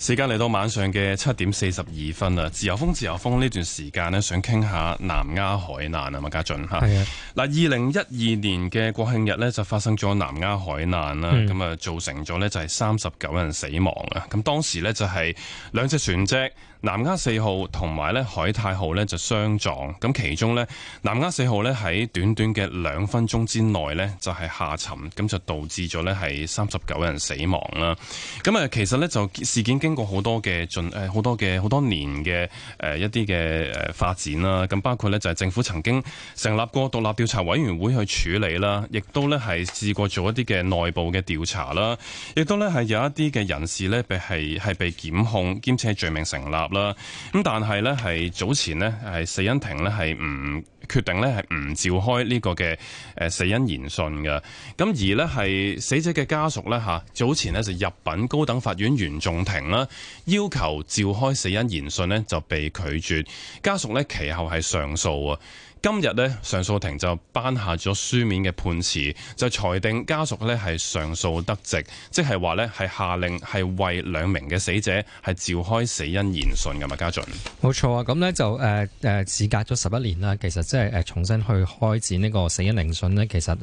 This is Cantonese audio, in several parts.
時間嚟到晚上嘅七點四十二分啦，自由風自由風呢段時間呢，想傾下南丫海難啊，麥家俊嚇。係啊，嗱，二零一二年嘅國慶日呢，就發生咗南丫海難啦，咁啊造成咗呢就係三十九人死亡啊，咁當時呢，就係兩隻船隻。南丫四號同埋咧海泰號呢就相撞，咁其中呢南丫四號呢喺短短嘅兩分鐘之內呢就係下沉，咁就導致咗呢係三十九人死亡啦。咁啊，其實呢就事件經過好多嘅進誒好多嘅好多年嘅誒一啲嘅誒發展啦。咁包括呢就係政府曾經成立過獨立調查委員會去處理啦，亦都呢係試過做一啲嘅內部嘅調查啦，亦都呢係有一啲嘅人士呢被係係被檢控兼且罪名成立。啦，咁但係咧，係早前咧，係死因庭咧，係唔。決定呢係唔召開呢個嘅誒死因研訊嘅，咁而呢係死者嘅家屬呢，嚇早前呢就入稟高等法院原訟庭啦，要求召開死因研訊呢就被拒絕，家屬呢，其後係上訴啊，今日呢，上訴庭就頒下咗書面嘅判詞，就裁定家屬呢係上訴得值，即係話呢係下令係為兩名嘅死者係召開死因研訊嘅，嘛。家俊，冇錯啊，咁呢就誒誒、事、隔咗十一年啦，其實即、就係誒重新去開展呢個死因聆訊呢，其實誒啲、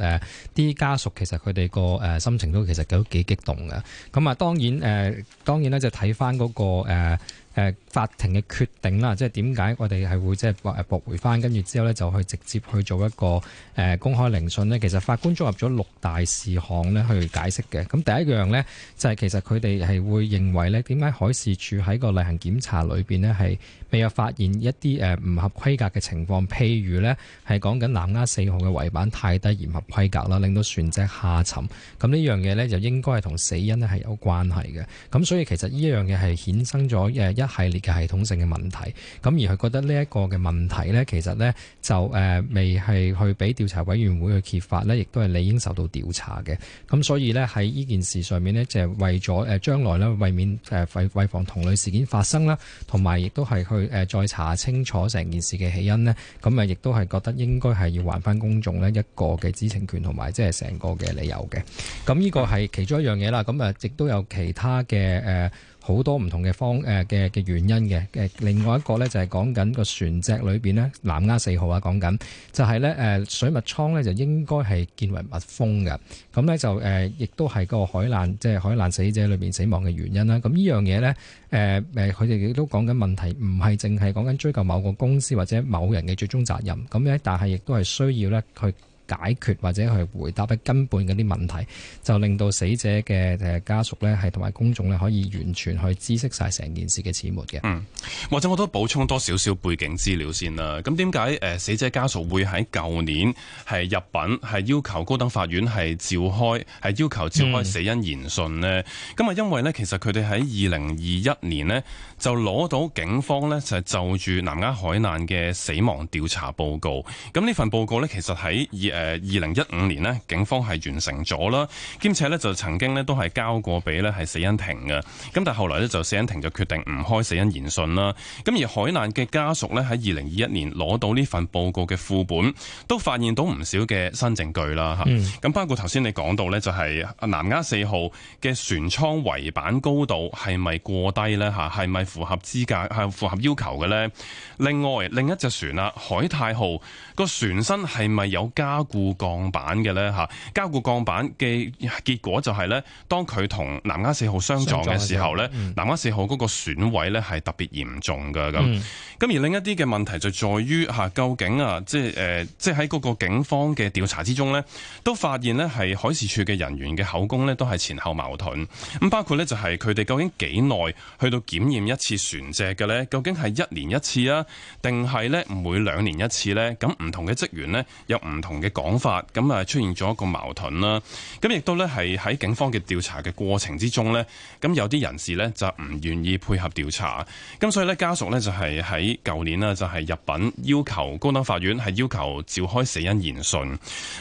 呃、家屬其實佢哋個誒心情都其實都幾激動嘅。咁啊、呃，當然誒，當然咧就睇返嗰個、呃呃、法庭嘅決定啦，即係點解我哋係會即係駁回翻，跟住之後呢，就去直接去做一個誒、呃、公開聆訊呢？其實法官綜合咗六大事項呢，去解釋嘅。咁、嗯、第一樣呢，就係、是、其實佢哋係會認為呢，點解海事處喺個例行檢查裏邊呢，係未有發現一啲誒唔合規格嘅情況，譬如呢係講緊南丫四號嘅圍板太低而唔合規格啦，令到船隻下沉。咁呢樣嘢呢，就應該係同死因呢係有關係嘅。咁、嗯、所以其實呢一樣嘢係衍生咗一呃系列嘅系統性嘅問題，咁而佢覺得呢一個嘅問題咧，其實咧就誒、呃、未係去俾調查委員會去揭發咧，亦都係理應受到調查嘅。咁所以咧，喺呢件事上面咧，就係、是、為咗誒、呃、將來咧，為免誒為、呃、防同類事件發生啦，同埋亦都係去誒、呃、再查清楚成件事嘅起因咧，咁啊亦都係覺得應該係要還翻公眾咧一個嘅知情權，同埋即係成個嘅理由嘅。咁呢個係其中一樣嘢啦。咁啊亦都有其他嘅誒。呃好多唔同嘅方誒嘅嘅原因嘅誒，另外一個咧就係講緊個船隻裏邊咧，南丫四號啊，講緊就係咧誒水密倉咧就應該係建為密封嘅，咁咧就誒、呃，亦都係個海難即係、就是、海難死者裏邊死亡嘅原因啦。咁呢樣嘢咧誒誒，佢哋亦都講緊問題，唔係淨係講緊追究某個公司或者某人嘅最終責任咁咧，但係亦都係需要咧佢。解決或者係回答得根本嗰啲問題，就令到死者嘅誒家屬呢，係同埋公眾呢，可以完全去知悉晒成件事嘅始末嘅。嗯，或者我都補充多少少背景資料先啦。咁點解誒死者家屬會喺舊年係入稟係要求高等法院係召開係要求召開死因研訊呢？咁、嗯、啊，因為呢，其實佢哋喺二零二一年呢，就攞到警方呢，就係就住南丫海難嘅死亡調查報告。咁呢份報告呢，其實喺誒，二零一五年咧，警方係完成咗啦，兼且呢就曾經咧都係交過俾呢係死因庭嘅，咁但係後來咧就死因庭就決定唔開死因研訊啦，咁而海難嘅家屬呢，喺二零二一年攞到呢份報告嘅副本，都發現到唔少嘅新證據啦，吓、嗯，咁包括頭先你講到呢，就係、是、南丫四號嘅船艙圍板高度係咪過低呢？吓，係咪符合資格係符合要求嘅呢？另外另一隻船啦，海泰號個船身係咪有加？鋼的固鋼板嘅咧嚇，加固鋼板嘅結果就係、是、咧，當佢同南丫四號相撞嘅時候咧、嗯，南丫四號嗰個損毀咧係特別嚴重嘅咁。咁、嗯、而另一啲嘅問題就在於嚇，究竟啊、呃，即係誒，即係喺嗰個警方嘅調查之中咧，都發現呢係海事處嘅人員嘅口供咧都係前後矛盾。咁包括咧就係佢哋究竟幾耐去到檢驗一次船隻嘅咧？究竟係一年一次啊，定係咧每兩年一次咧？咁唔同嘅職員呢，有唔同嘅。講法咁啊，出現咗一個矛盾啦。咁亦都呢係喺警方嘅調查嘅過程之中呢。咁有啲人士呢就唔願意配合調查。咁所以呢，家屬呢就係喺舊年啦，就係入稟要求高等法院係要求召開死因研訊。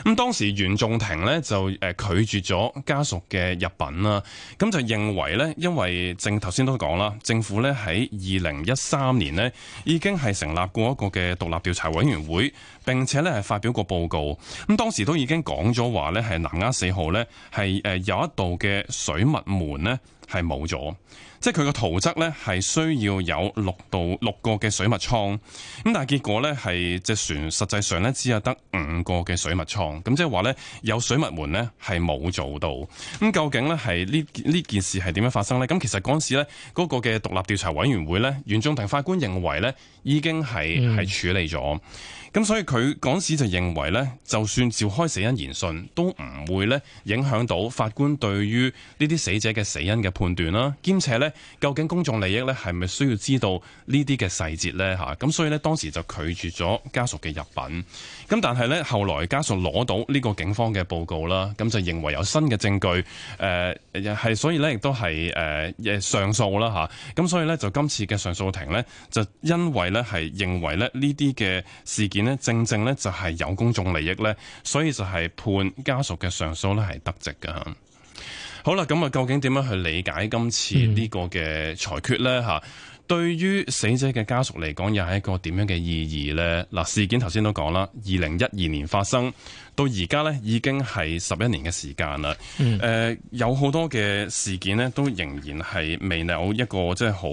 咁當時袁仲庭呢就誒拒絕咗家屬嘅入稟啦。咁就認為呢，因為正頭先都講啦，政府呢喺二零一三年呢已經係成立過一個嘅獨立調查委員會。並且咧係發表過報告，咁當時都已經講咗話咧係南丫四號咧係誒有一道嘅水密門咧係冇咗。即係佢個圖則咧係需要有六到六個嘅水密倉，咁但係結果咧係隻船實際上咧只有得五個嘅水密倉，咁即係話咧有水密門咧係冇做到。咁究竟咧係呢呢件事係點樣發生咧？咁其實陣時呢咧嗰個嘅獨立調查委員會咧，袁仲平法官認為咧已經係係處理咗，咁、嗯、所以佢陣時就認為咧，就算召開死因研訊都唔會咧影響到法官對於呢啲死者嘅死因嘅判斷啦，兼且咧。究竟公眾利益咧係咪需要知道呢啲嘅細節呢？吓，咁所以咧當時就拒絕咗家屬嘅入稟。咁但係咧後來家屬攞到呢個警方嘅報告啦，咁就認為有新嘅證據。誒、呃，係所以呢亦都係誒上訴啦吓。咁所以呢，就今次嘅上訴庭呢，就因為呢係認為咧呢啲嘅事件呢，正正呢就係有公眾利益呢，所以就係判家屬嘅上訴呢係得值㗎。好啦，咁啊，究竟點樣去理解今次呢個嘅裁決呢？嚇、嗯，對於死者嘅家屬嚟講，又係一個點樣嘅意義呢？嗱，事件頭先都講啦，二零一二年發生。到而家咧，已經係十一年嘅時間啦。誒、嗯呃，有好多嘅事件咧，都仍然係未有一個即係好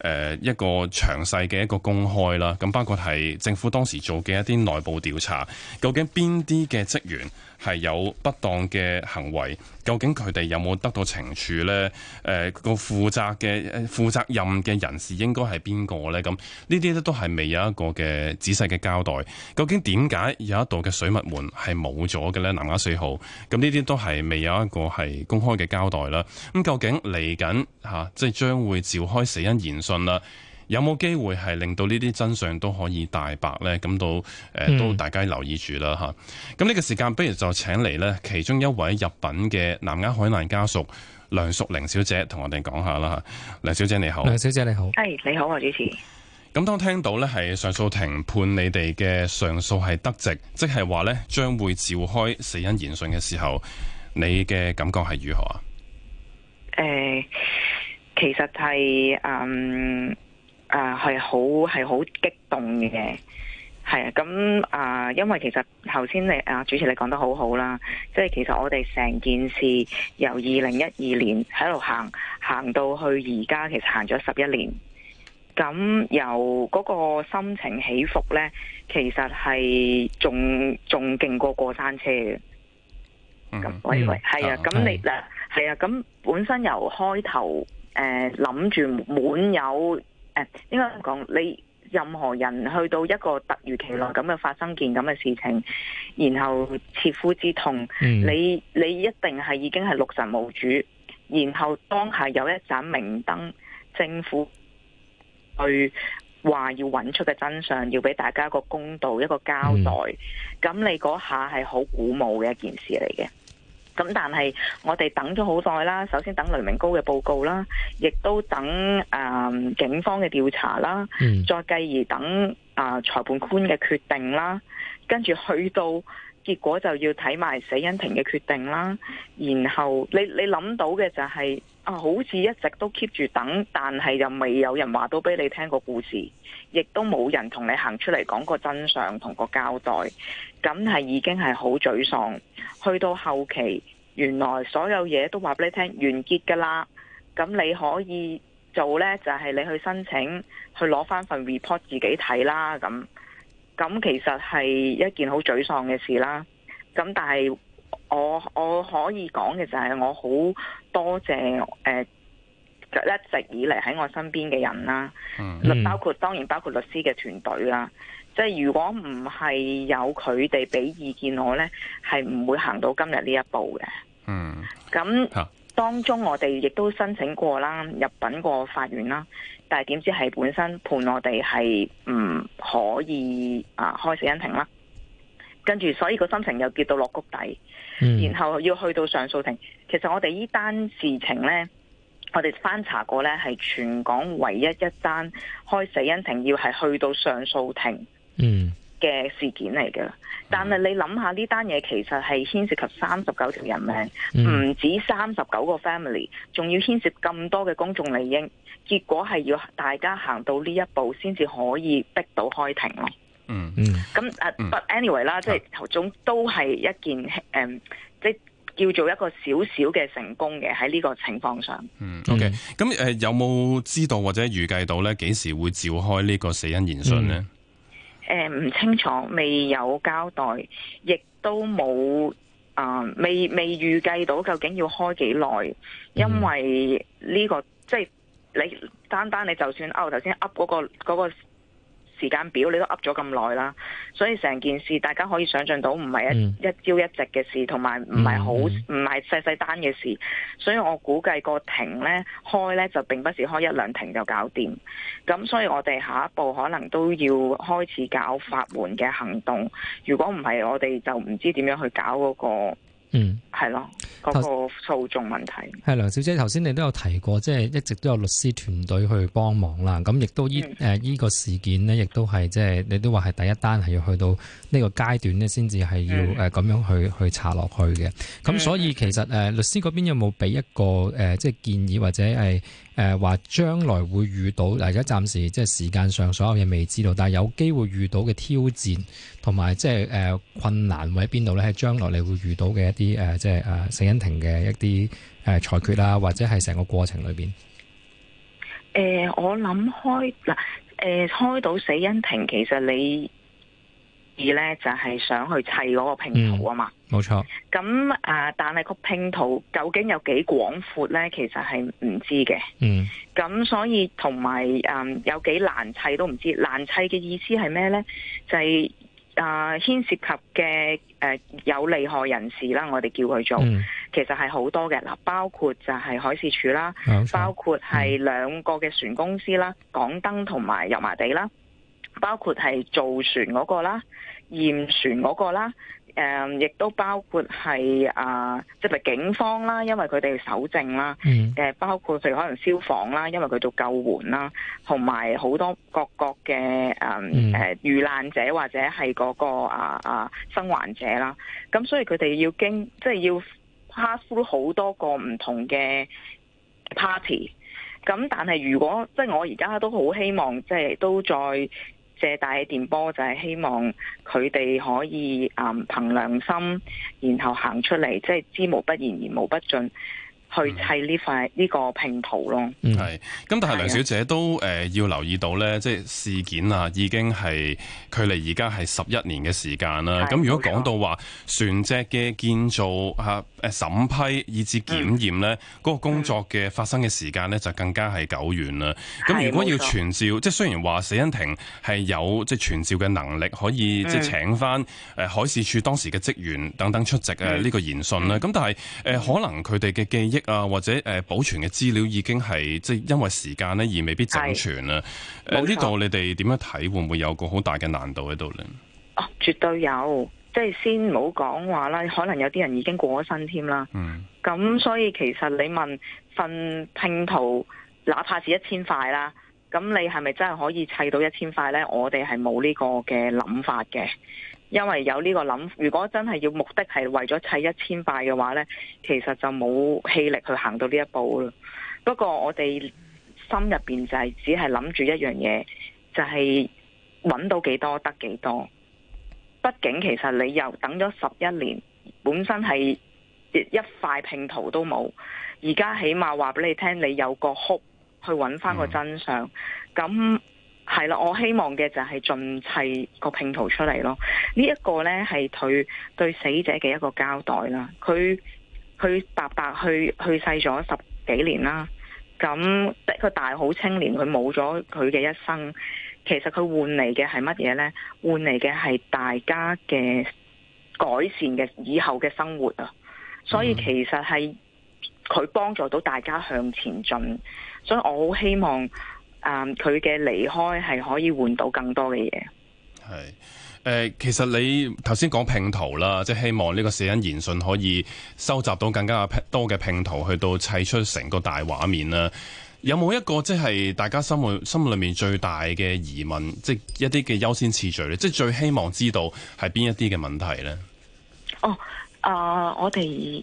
誒一個詳細嘅一個公開啦。咁包括係政府當時做嘅一啲內部調查，究竟邊啲嘅職員係有不當嘅行為？究竟佢哋有冇得到懲處咧？誒個負責嘅、負責任嘅人士應該係邊個咧？咁呢啲咧都係未有一個嘅仔細嘅交代。究竟點解有一度嘅水密門係。冇咗嘅咧，南丫四號，咁呢啲都係未有一個係公開嘅交代啦。咁究竟嚟緊吓，即係將會召開死因研訊啦，有冇機會係令到呢啲真相都可以大白呢？咁到誒，都、呃、大家留意住啦吓。咁、嗯、呢個時間，不如就請嚟呢其中一位入禀嘅南丫海難家屬梁淑玲小姐同我哋講下啦吓。梁小姐你好，梁小姐你好，係、hey, 你好，我主持。咁當聽到咧，係上訴庭判你哋嘅上訴係得直，即係話咧，將會召開死因研訊嘅時候，你嘅感覺係如何啊？誒、呃，其實係嗯誒，係好係好激動嘅，係啊。咁啊，因為其實頭先你啊，主持你講得好好啦，即係其實我哋成件事由二零一二年喺度行行到去而家，其實行咗十一年。咁由嗰個心情起伏咧，其實係仲仲勁過過山車嘅。咁、嗯、喂喂，係、嗯、啊。咁、嗯、你嗱係、嗯、啊。咁本身由開頭誒諗住滿有誒、呃，應該講你任何人去到一個突如其來咁樣發生件咁嘅事情、嗯，然後切膚之痛，嗯、你你一定係已經係六神無主，然後當下有一盞明燈，政府。去話要揾出嘅真相，要俾大家一個公道，一個交代。咁、嗯、你嗰下係好鼓舞嘅一件事嚟嘅。咁但係我哋等咗好耐啦，首先等倫明高嘅報告啦，亦都等誒、呃、警方嘅調查啦，再繼而等誒、呃、裁判官嘅決定啦，跟住去到結果就要睇埋死因庭嘅決定啦。然後你你諗到嘅就係、是。啊，好似一直都 keep 住等，但係又未有人話到俾你聽個故事，亦都冇人同你行出嚟講個真相同個交代，咁係已經係好沮喪。去到後期，原來所有嘢都話俾你聽完結㗎啦，咁你可以做咧就係你去申請去攞翻份 report 自己睇啦，咁咁其實係一件好沮喪嘅事啦。咁但係。我我可以講嘅就係我好多謝誒、呃，一直以嚟喺我身邊嘅人啦，咁、嗯、包括當然包括律師嘅團隊啦，即、就、係、是、如果唔係有佢哋俾意見我咧，係唔會行到今日呢一步嘅。嗯，咁當中我哋亦都申請過啦，入稟過法院啦，但係點知係本身判我哋係唔可以啊、呃、開死因庭啦，跟住所以個心情又跌到落谷底。嗯、然後要去到上訴庭，其實我哋呢單事情呢，我哋翻查過呢，係全港唯一一單開死因庭要係去到上訴庭，嗯嘅事件嚟嘅。但係你諗下呢單嘢，其實係牽涉及三十九條人命，唔、嗯、止三十九個 family，仲要牽涉咁多嘅公眾利益，結果係要大家行到呢一步先至可以逼到開庭咯。嗯，咁啊、uh, anyway 啦、嗯，即係頭總都係一件，誒、um,，即係叫做一個小小嘅成功嘅喺呢個情況上。嗯，OK，咁誒、uh, 有冇知道或者預計到咧幾時會召開呢個死因研訊咧？誒、嗯、唔、um, 清楚，未有交代，亦都冇啊、uh,，未未預計到究竟要開幾耐，因為呢、這個、嗯、即係你單單你就算 out 頭先 up 嗰個嗰個。那個時間表你都噏咗咁耐啦，所以成件事大家可以想像到唔係一、嗯、一朝一夕嘅事，同埋唔係好唔係細細單嘅事，所以我估計個庭呢，開呢就並不是開一兩庭就搞掂，咁所以我哋下一步可能都要開始搞法援嘅行動，如果唔係我哋就唔知點樣去搞嗰個嗯。係咯，嗰、那個訴訟問題係梁小姐，頭先你都有提過，即、就、係、是、一直都有律師團隊去幫忙啦。咁亦都依誒依個事件咧，亦都係即係你都話係第一單，係要去到呢個階段咧，先至係要誒咁樣去去查落去嘅。咁所以其實誒、嗯啊、律師嗰邊有冇俾一個誒即係建議或者係誒話將來會遇到，嗱而家暫時即係、就是、時間上所有嘢未知道，但係有機會遇到嘅挑戰同埋即係誒困難或者邊度咧？係將來你會遇到嘅一啲誒即誒、啊、誒，死因庭嘅一啲誒、啊、裁決啦、啊，或者係成個過程裏邊，誒、呃，我諗開嗱，誒、呃，開到死因庭，其實你二咧就係想去砌嗰個拼圖啊嘛，冇、嗯、錯。咁啊，但係個拼圖究竟有幾廣闊咧，其實係唔知嘅。嗯。咁所以同埋誒，有幾難砌都唔知，難砌嘅意思係咩咧？就係、是。啊，牽涉及嘅誒、呃、有利害人士啦，我哋叫佢做、嗯，其實係好多嘅嗱，包括就係海事處啦，包括係兩個嘅船公司啦，港燈同埋油麻地啦，包括係造船嗰、那個啦，驗船嗰、嗰個啦。誒、嗯，亦都包括係啊、呃，即係警方啦，因為佢哋搜證啦。誒、嗯，包括佢可能消防啦，因為佢做救援啦，同埋好多各國嘅誒誒遇難者或者係嗰、那個啊啊生還者啦。咁所以佢哋要經即係要 pass through 好多個唔同嘅 party。咁但係如果即係我而家都好希望，即係都再。借大氣電波就係希望佢哋可以誒憑良心，然後行出嚟，即係知無不言，言無不盡。去砌呢塊呢、嗯呢個拼圖咯。係咁，但係梁小姐都誒要留意到咧，即係事件啊，已經係距離而家係十一年嘅時間啦。咁如果講到話船隻嘅建造吓誒審批以至檢驗咧，嗰、嗯嗰個、工作嘅發生嘅時間咧，就更加係久遠啦。咁如果要傳召，即係雖然話死因庭係有即係傳召嘅能力，可以即係請翻誒海事處當時嘅職員等等出席誒呢個研訊啦。咁、嗯、但係誒可能佢哋嘅記憶。啊，或者誒、呃、保存嘅資料已經係即係因為時間咧而未必整全啦。誒呢度你哋點樣睇會唔會有個好大嘅難度喺度呢？哦，絕對有，即係先唔好講話啦，可能有啲人已經過咗身添啦。嗯，咁所以其實你問份拼圖，哪怕是一千塊啦，咁你係咪真係可以砌到一千塊呢？我哋係冇呢個嘅諗法嘅。因為有呢個諗，如果真係要目的係為咗砌一千塊嘅話呢，其實就冇氣力去行到呢一步咯。不過我哋心入邊就係只係諗住一樣嘢，就係、是、揾到幾多得幾多。畢竟其實你又等咗十一年，本身係一塊拼圖都冇，而家起碼話俾你聽，你有一個 hope 去揾翻個真相。咁、嗯係啦，我希望嘅就係盡砌個拼圖出嚟咯。呢、這、一個呢，係佢對死者嘅一個交代啦。佢佢白白去去世咗十幾年啦，咁一個大好青年，佢冇咗佢嘅一生。其實佢換嚟嘅係乜嘢呢？換嚟嘅係大家嘅改善嘅以後嘅生活啊。所以其實係佢幫助到大家向前進。所以我好希望。啊！佢嘅離開係可以換到更多嘅嘢。係誒、呃，其實你頭先講拼圖啦，即係希望呢個死因研訊可以收集到更加多嘅拼圖，去到砌出成個大畫面啦。有冇一個即係大家心目心裏面最大嘅疑問，即係一啲嘅優先次序咧？即係最希望知道係邊一啲嘅問題咧？哦，誒、呃，我哋。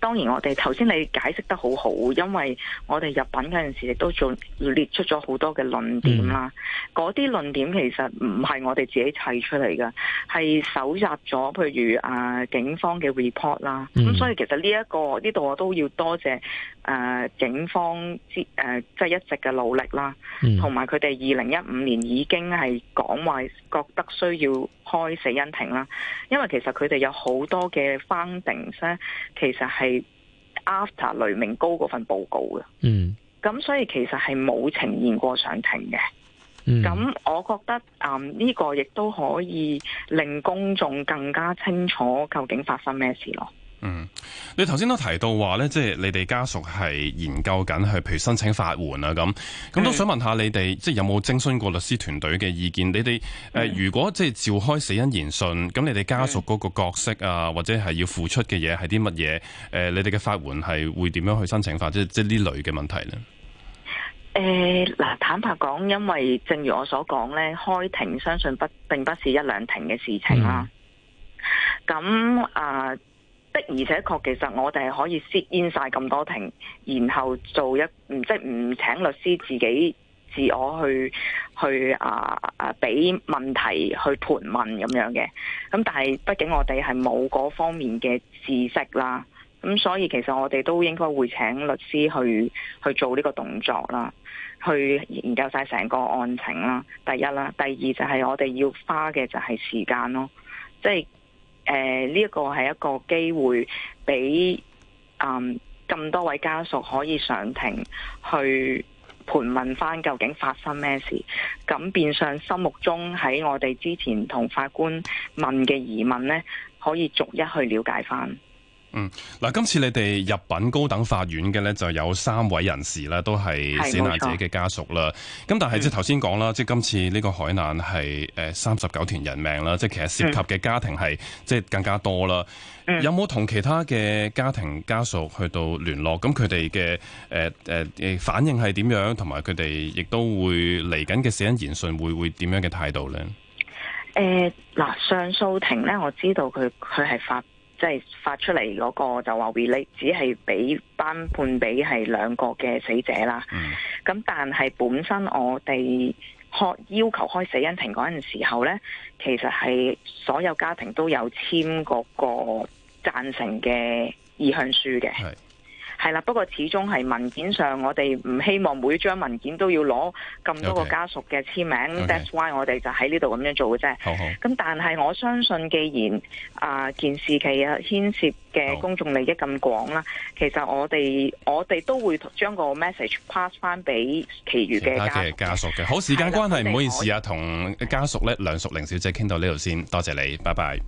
當然我，我哋頭先你解釋得好好，因為我哋入品嗰陣時亦都仲列出咗好多嘅論點啦。嗰啲論點其實唔係我哋自己砌出嚟嘅，係搜集咗譬如啊警方嘅 report 啦。咁、嗯、所以其實呢、這、一個呢度我都要多謝誒、啊、警方之即、啊即係、一直嘅努力啦，同埋佢哋二零一五年已經係講話覺得需要。開死因庭啦，因為其實佢哋有好多嘅 finding 咧，其實係 after 倫明高嗰份報告嘅，嗯，咁所以其實係冇呈現過上庭嘅，咁，嗯，我覺得啊呢，嗯這個亦都可以令公眾更加清楚究竟發生咩事咯。嗯，你頭先都提到話呢，即係你哋家屬係研究緊去，譬如申請法援啊，咁咁都想問下你哋，即係有冇徵詢過律師團隊嘅意見？你哋誒、呃嗯，如果即係召開死因研訊，咁你哋家屬嗰個角色啊、嗯，或者係要付出嘅嘢係啲乜嘢？誒、呃，你哋嘅法援係會點樣去申請法？即即呢類嘅問題呢？誒，嗱，坦白講，因為正如我所講呢，開庭相信不並不是一兩庭嘅事情啦。咁、嗯、啊。而且確，其實我哋係可以 sit in 晒咁多庭，然後做一唔即係唔請律師，自己自我去去啊啊，俾問題去盤問咁樣嘅。咁但係畢竟我哋係冇嗰方面嘅知識啦，咁所以其實我哋都應該會請律師去去做呢個動作啦，去研究晒成個案情啦。第一啦，第二就係我哋要花嘅就係時間咯，即係。誒呃，呢一個係一個機會，俾呃咁多位家屬可以上庭去盤問翻究竟發生咩事，咁變相心目中喺我哋之前同法官問嘅疑問呢可以逐一去了解翻。嗯，嗱，今次你哋入稟高等法院嘅咧，就有三位人士啦，都係死難者嘅家屬啦。咁但係即係頭先講啦，即、嗯、係今次呢個海難係誒三十九團人命啦，即係其實涉及嘅家庭係、嗯、即係更加多啦、嗯。有冇同其他嘅家庭家屬去到聯絡？咁佢哋嘅誒誒誒反應係點樣？同埋佢哋亦都會嚟緊嘅死因研訊會會點樣嘅態度咧？誒，嗱，上訴庭咧，我知道佢佢係發。即係發出嚟嗰、那個就話會咧，只係俾班判俾係兩個嘅死者啦。咁、嗯、但係本身我哋開要求開死因庭嗰陣時候呢，其實係所有家庭都有簽嗰個贊成嘅意向書嘅。係啦，不過始終係文件上，我哋唔希望每張文件都要攞咁多個家屬嘅簽名。Okay. That's why 我哋就喺呢度咁樣做嘅啫。咁、Okay. 但係我相信，既然啊、呃、件事其實牽涉嘅公眾利益咁廣啦，No. 其實我哋我哋都會將個 message pass 翻俾其餘嘅家屬嘅。好，時間關係唔好意思啊，同家屬咧梁淑玲小姐傾到呢度先，多謝你，拜拜。